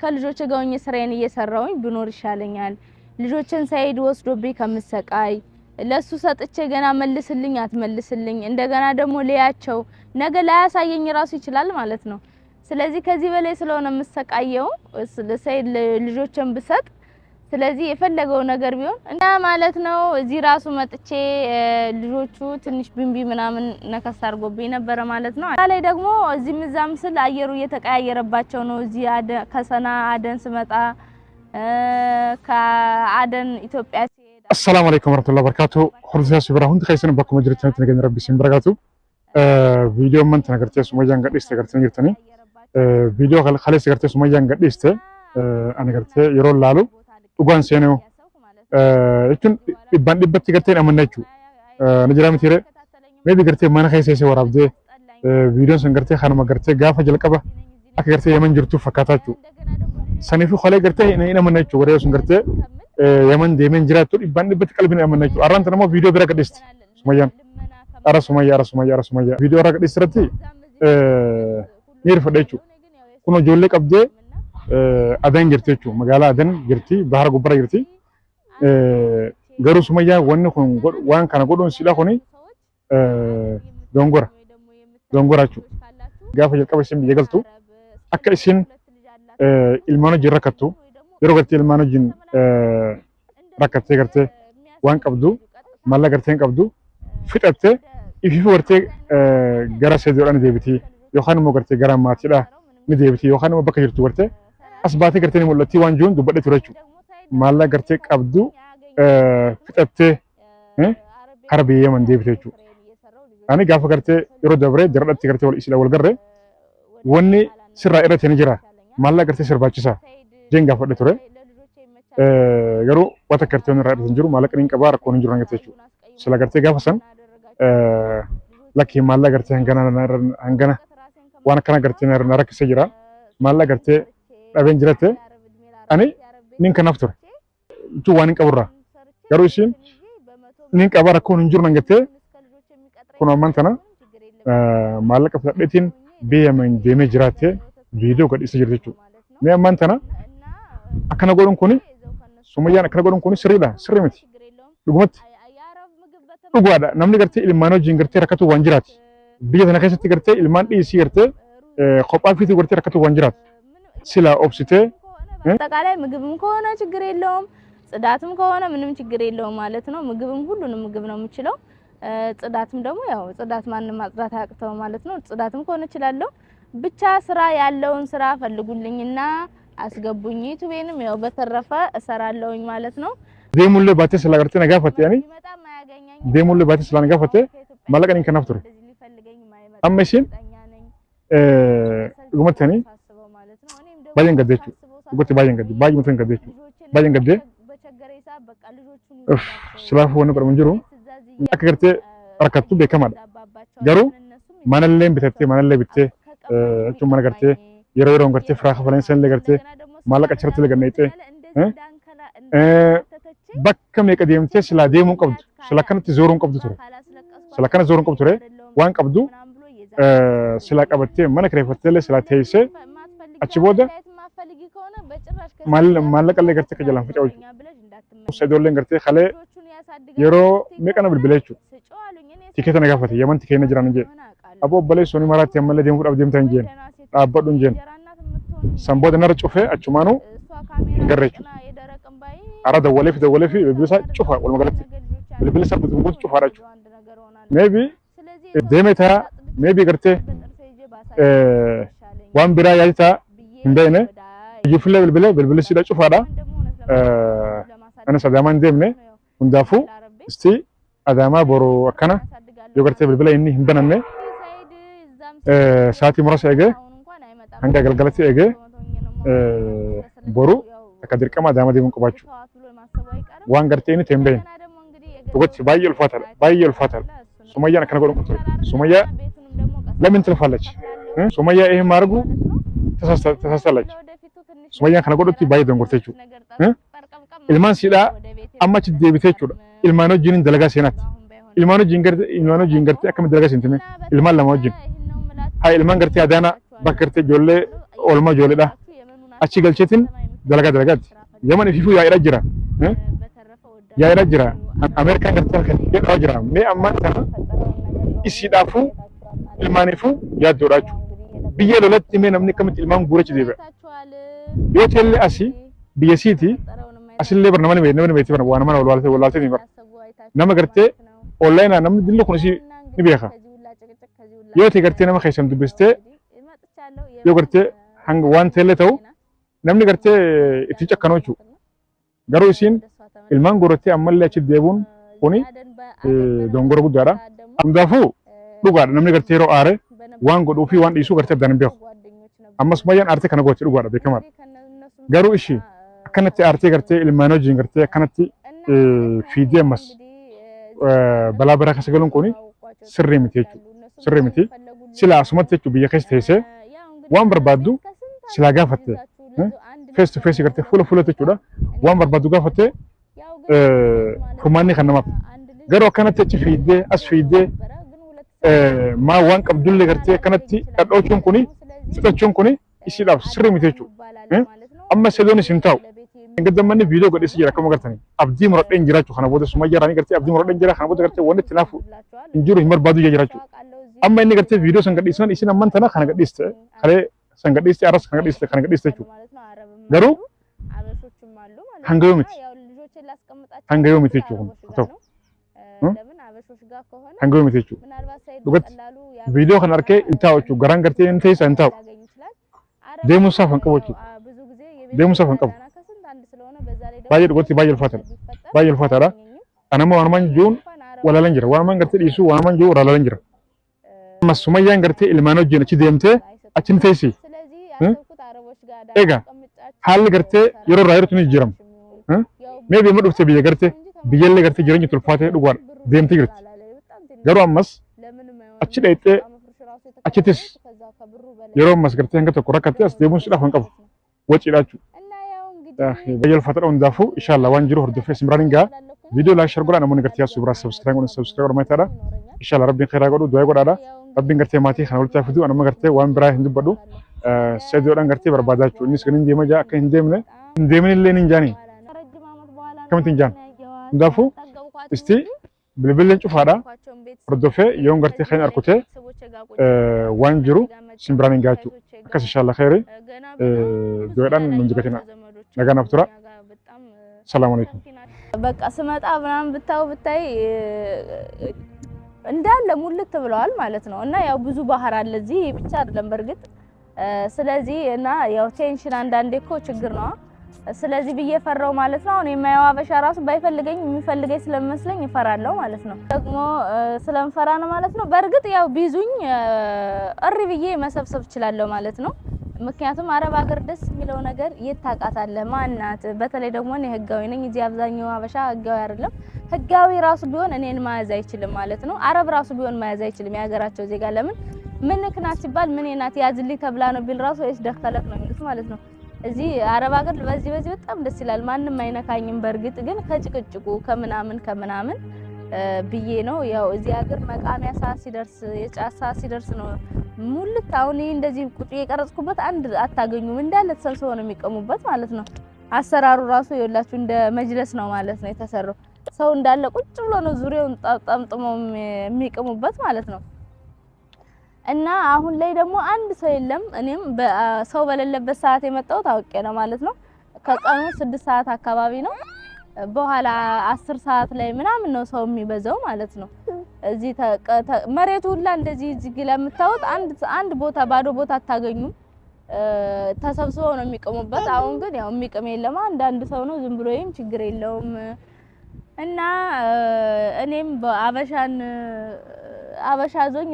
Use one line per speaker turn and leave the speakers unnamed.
ከልጆች ጋር ሆኜ ስራዬን እየሰራሁኝ ብኖር ይሻለኛል። ልጆችን ሳይድ ወስዶብኝ ከምሰቃይ ለሱ ሰጥቼ ገና መልስልኝ አትመልስልኝ፣ እንደገና ደግሞ ልያቸው ነገ ላያሳየኝ ራሱ ይችላል ማለት ነው። ስለዚህ ከዚህ በላይ ስለሆነ የምሰቃየው ሰይድ ልጆችን ብሰጥ ስለዚህ የፈለገው ነገር ቢሆን እና ማለት ነው። እዚህ ራሱ መጥቼ ልጆቹ ትንሽ ብንቢ ምናምን ነከስ አድርጎብኝ ነበረ ማለት ነው። ላይ ደግሞ እዚህ እዛም ስል አየሩ እየተቀያየረባቸው ነው። እዚህ ከሰና አደን ስመጣ
ከአደን ኢትዮጵያ ሲሄድ አሰላሙ አለይኩም ወራህመቱላሂ ወበረካቱ ሁርዛስ ብራሁን ከይሰን በኩመ ጅርተን ተነገን ረቢ ሲምብረጋቱ ቪዲዮ መንት ነገርቴ ሱመያን ገዴስ ተገርተን ጅርተኒ ቪዲዮ ከለስ ገርቴ ሱመያን ገዴስ አነገርቴ ይሮላሉ dhugaan seenuu jechuun dhibbaan dhibbatti gartee amanna jechuudha. Ani jira miti ree meebi gartee mana keessa isa waraabdee viidiyoon sun gartee kanuma gartee gaafa jalqaba akka gartee yaman jirtuuf fakkaataa jechuudha. Saniifuu qolee gartee hin amanna jechuudha warreen sun gartee yaman deemeen jiraattu dhibbaan dhibbatti qalbiin amanna jechuudha. Arraan tanammoo viidiyoo bira gadhiisti sumayyaan. Ara sumayyaa ara sumayyaa ara sumayyaa viidiyoo irraa gadhiistirratti ni hirfadha jechuudha. Kun ijoollee qabdee adaan jirti jechuudha. Magaalaa adaan jirti, bahara gubbara jirti. Garuu sumayyaa wanni kun waan kana godhuun sila kun dongora. Dongora jechuudha. Gaafa jalqaba isin biyya galtu akka isin ilmaan hojiin rakkattu yeroo gartee ilmaan hojiin rakkattee gartee waan qabdu malla gartee hin qabdu fixattee ifiif gartee gara seedoodhaan deebitii yookaan immoo gartee gara maatiidhaan ni deebitii yookaan immoo bakka jirtu gartee as baatee gartee ni mul'atti waan jiruun ture jechuudha. Maallaqa gartee qabdu fixattee hara kara biyyeeman deebite jechuudha. Ani gaafa gartee yeroo dabree jaradhatti gartee wal isla wal garree wanni sirraa irratti ni jira. maallaqa gartee sirbaachisa jeen gaafadhe ture. Garuu waan akka gartee irraa irratti hin jiru maallaqa ni qabaa rakkoo hin jiru hanga jechuudha. Sila gartee gaafa san lakkii maallaqa gartee hangana hangana waan akkana gartee na rakkisee jira. maallaqa gartee dhabeen jirate ani nin kanaaf ture jechuun waan hin qaburraa garuu ishiin nin qabaa rakkoon hin jiru nangattee kun ammaan tana maallaqa fudhadheetiin biyya man deemee jiraattee viidiyoo gadhiisa jirti jechuudha. Mee ammaan tana akkana godhuun kuni summayyaan akkana godhuun kuni sirriidha sirri miti dhugumatti dhugaadha namni gartee ilmaan hojiin gartee rakkatu waan jiraati biyya tana keessatti gartee ilmaan dhiisii gartee kophaa fiitii gartee rakkatu waan jiraati. ስለ ኦብስቴ
አጠቃላይ ምግብም ከሆነ ችግር የለውም፣ ጽዳትም ከሆነ ምንም ችግር የለውም ማለት ነው። ምግብም ሁሉንም ምግብ ነው የምችለው። ጽዳትም ደግሞ ያው ጽዳት ማንም ማጽዳት አያቅተው ማለት ነው። ጽዳትም ከሆነ እችላለሁ። ብቻ ስራ ያለውን ስራ ፈልጉልኝና አስገቡኝ። ዩቲዩብንም ያው በተረፈ እሰራለሁኝ ማለት ነው።
ዴሙለ ባቴ ስለጋርተ ነጋ ፈቴ ያኒ ዴሙለ ባቴ ስለነጋ ፈቴ ማለቀኝ ከናፍቱሪ አመሽን ጉመተኒ baay'een gaddeechu dhugaatti baay'een gaddee baay'ee muteen gaddeechu baay'een gaddee silaafuu wanni godhamu jiru akka gartee rakkattu beekamaadha. Garuu manallee bitattee manallee bittee jechuun mana gartee yeroo yeroon gartee firaa kafaleen sanillee gartee maallaqa achirratti illee ganneettee bakka meeqa deemtee silaa deemuu qabdu sila kanatti zooruun qabdu ture sila kana zooruun qabdu ture waan qabdu silaa qabattee mana kireeffattee illee silaa teessee አቺ ማለቀለ ገርቴ ከጀላን ፍጫዎች ሰዶለን ገርቴ ከለ የሮ ሜቀነ ብልብለቹ ቲኬት ነጋፈተ የመን ቲኬት ነጅራን እንጂ አቦ በለ ሶኒ ማራት የመለ ደም ቁዳብ ደምታ እንጂ አባዱ እንጂ ሰንቦደ ነር ጩፈ አቹማኑ ገረቹ አረ ደወለፊ ደወለፊ ጩፋ ብልብልሳ ጩፋ አራቹ ሜቢ ደሜታ ሜቢ ገርቴ ዋን ቢራ ያይታ ಹಿಂದೆನೆ ಈ ಫುಲ್ಲ ಬಿಲ್ಬಿಲೆ ಬಿಲ್ಬಿಲೆ ಸಿದ ಚುಫಾಡ ಅನಸ ದಾಮನ್ ದೇಮ್ನೆ እስቲ አዳማ ቦሮ አከና ዮገርቴ ብልብለ እኒ ሂንደነነ ሳቲ ሙረሰ ኤገ አንገ አገልገለቲ ኤገ ቦሩ ተከድርቀማ አዳማ ዴምን ቁባቹ ዋን ገርቴኒ ቴምቤን ቶጎች ባየ ልፋታል ባየ ልፋታል ሱመያ ነከነጎ ቁጥሩ ሱመያ ለምን ትልፋለች ሱመያ ይሄን ማርጉ ተሳሳላችሁ sumayyaa kana godhutti baay'ee dongorteechuudha. Ilmaan siidhaa amma achi deebiteechuudha. Ilmaan wajjin dalagaa seenaatti. Ilmaan wajjin gartee ilmaan wajjin gartee akkamitti dalagaa seentine ilmaan lama wajjin. Haa ilmaan gartee adaanaa bakka gartee ijoollee oolmaa ijoolleedha. Achi galcheetiin dalagaa dalagaatti. Yaman ififuu yaa'eedha jira. Yaa'eedha jira. Ameerikaan gartee halkan jedhaa jira. Mee ammaan kana isiidhaafuu ilmaaniifuu yaaddoodhaa jechuudha. biyya lolatti himee namni akkamitti ilmaan guurachi deebi'a. Yoo ta'ellee asii biyya siiti asillee bara namani beekne namani beekte waan mana walwaaltee walwaaltee ni bara. Nama gartee onlaayinaa namni dillu kun isii ni beeka. Yoo ta'e gartee nama keessan dubbistee yoo gartee hanga waan ta'ellee ta'u namni gartee ittiin cakkanoo jechuudha. Garuu isiin ilmaan guurattee ammallee achi deebi'uun kuni dongora guddaadha. Hundaafuu dhugaadha namni gartee yeroo aare waan godhuu fi waan dhiisuu gartee abdaan hin beeku ammas baay'een aartee kana gochuu dhugaadha beekamaadha garuu ishii akkanatti aartee gartee ilmaan hojiin gartee akkanatti fiidee ammas balaa biraa keessa galuun kuni sirrii miti jechuudha sirrii miti silaa asumatti jechuudha biyya keessa teessee waan barbaaddu silaa gaafatte fees to fees gartee fuula fuula jechuudha waan barbaaddu gaafatte furmaanni kan namaaf garuu akkanatti achi fiidee as fiidee waan qabdulle gartee kanatti kadhachuun kun fixachuun kun isiidhaaf sirri miti jechuudha. Amma sedoon isin taa'u gadammanni viidiyoo godhee jira akkuma gartanii abdii muradheen jiraachu kana booda summayyaa raanii gartee abdii muradheen jira kana booda gartee wanni itti naafu hin jiru hin barbaadu jechuudha. Amma inni gartee viidiyoo san gadhiisan isin amman tana kana gadhiiste kalee san gadhiiste arras kana gadhiiste kana gadhiiste jechuudha. Garuu hanga yoo miti hanga yoo miti jechuudha. አንጎሚቴቹ ዱገት ቪዲዮ ከናርኬ እንታዎቹ ገራን ገርቴ እንተይሳ እንታው ደሙሳ ፈንቀቦቹ ደሙሳ ፈንቀቡ ባየ ዱገት ባየ ልፋተራ ባየ ልፋተራ አነማ ዋንማን ጆን ወላለን ጅራ ዋንማን ገርቴ ዲሱ ዋንማን ጆ ወላለን ጅራ ማሱመያን ገርቴ ኢልማኖ ጀነቺ ደምቴ አችን ተይሲ ኤጋ ሀል ገርቴ የሮ ራይሩቱን ይጅራም ሜቢ መዱፍቴ ብየ ገርቴ biyyoonni gartee jireenya tulfaatee dhugaan deemti jirti. Garuu ammas achi dhayxee achittis yeroo ammas gartee hanga tokko rakkattee as deemuun sidhaaf hin qabu waciidha jechuudha. Bayyeelfata dha'uun daafuu inshaallaa waan jiru hordofee simraan hin ga'a. Viidiyoo laa shar godhaa namoonni gartee yaasuu biraa sabistiraayii godhan sabistiraayii godhan mataadha. Inshaallaa rabbiin khairaa godhu du'aa godhaadha. Rabbiin gartee maatii kana walitti fidu anuma gartee waan biraa hin dubbadhu. Sadiyoodhaan gartee barbaadaa jechuudha. Innis kan hin deema jaa akka hin deemne hin deemne illee hin jaani. Kamitti hin jaani? እንዳልኩ እስቲ ብልብልን ጩፋዳ ርዶፌ የውን ገርቴ ከን አርኩቴ ዋን ጅሩ ሲምብራን ንጋቹ አከስ ኢንሻአላ ኸይሪ ገዳን ምንጅገቴና ነገና ፍቱራ ሰላም አለይኩም
በቃ ስመጣ ምናምን ብታው ብታይ እንዳለ ሙልት ብለዋል ማለት ነው። እና ያው ብዙ ባህር አለ እዚህ ብቻ አይደለም በእርግጥ ስለዚህ እና ያው ቴንሽን አንዳንዴ እኮ ችግር ነው። ስለዚህ ብዬ ፈራው ማለት ነው። አሁን የማየው አበሻ ራሱ ባይፈልገኝ የሚፈልገኝ ስለሚመስለኝ እፈራለሁ ማለት ነው። ደግሞ ስለምፈራ ነው ማለት ነው። በእርግጥ ያው ቢዙኝ እሪ ብዬ መሰብሰብ እችላለሁ ማለት ነው። ምክንያቱም አረብ ሀገር ደስ የሚለው ነገር የት ታውቃታለህ? ማናት? በተለይ ደግሞ እኔ ህጋዊ ነኝ። እዚህ አብዛኛው አበሻ ህጋዊ አይደለም። ህጋዊ ራሱ ቢሆን እኔን መያዝ አይችልም ማለት ነው። አረብ ራሱ ቢሆን መያዝ አይችልም የሀገራቸው ዜጋ። ለምን ምንክ ሲባል ምን ናት ያዝልኝ ተብላ ነው ቢል ራሱ ወይስ ደከለክ ነው የሚሉት ማለት ነው። እዚህ አረብ ሀገር በዚህ በዚህ በጣም ደስ ይላል። ማንም አይነካኝም። በእርግጥ ግን ከጭቅጭቁ ከምናምን ከምናምን ብዬ ነው ያው እዚህ ሀገር መቃሚያ ሰዓት ሲደርስ የጫት ሰዓት ሲደርስ ነው ሙልት። አሁን እንደዚህ ቁጭ የቀረጽኩበት አንድ አታገኙም። እንዳለ ተሰብስበው ነው የሚቀሙበት ማለት ነው። አሰራሩ ራሱ የላችሁ እንደ መጅለስ ነው ማለት ነው የተሰራው። ሰው እንዳለ ቁጭ ብሎ ነው ዙሪያውን ጠምጥመው የሚቀሙበት ማለት ነው። እና አሁን ላይ ደግሞ አንድ ሰው የለም። እኔም ሰው በሌለበት ሰዓት የመጣሁት አውቄ ነው ማለት ነው። ከቀኑ ስድስት ሰዓት አካባቢ ነው። በኋላ አስር ሰዓት ላይ ምናምን ነው ሰው የሚበዛው ማለት ነው። እዚህ መሬቱ ሁላ እንደዚህ እዚህ ለምታዩት አንድ አንድ ቦታ ባዶ ቦታ አታገኙም። ተሰብስበው ነው የሚቅሙበት። አሁን ግን ያው የሚቅም የለም። አንዳንድ ሰው ነው ዝም ብሎ ይም ችግር የለውም። እና እኔም አበሻን አበሻ ዞኝ